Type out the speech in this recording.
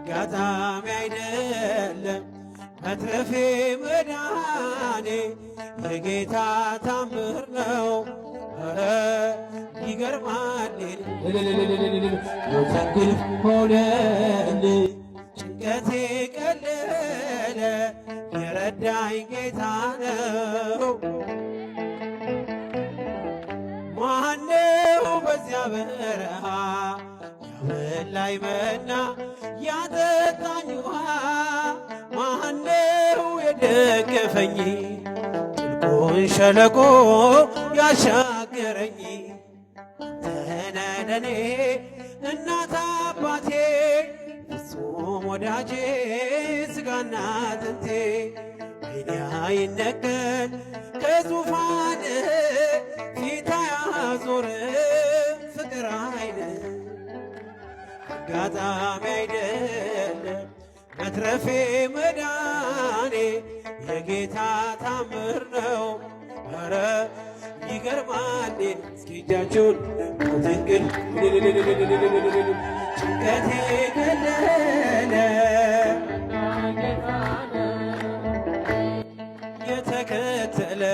አጋጣሚ አይደለም መትረፌ መዳኔ የጌታ ታምር ነው። ኧረ ይገርማል። ሞትን ጭንቀቴ ቀለለ የረዳኝ ጌታ ነው። ማነው በዚያ በረሃ ላይ መና ያጠጣኝ ውሃ ማነው የደገፈኝ ጥልቁን ሸለቆ ያሻገረኝ አንተ ነህ እናት አባቴ ፍጹም ወዳጄ ስጋና አጥንቴ ዓይኔ አይነቀል ከዙፋንህ ፊት አያዞርም ፍቅር አይነ አጋጣሚ አይደለም መትረፌ መዳኔ የጌታ ታምር ነው። ኧረ ይገርማል። እስኪ እጃችሁን ትንቅል ጭንቀቴ ገለለ የተከተለ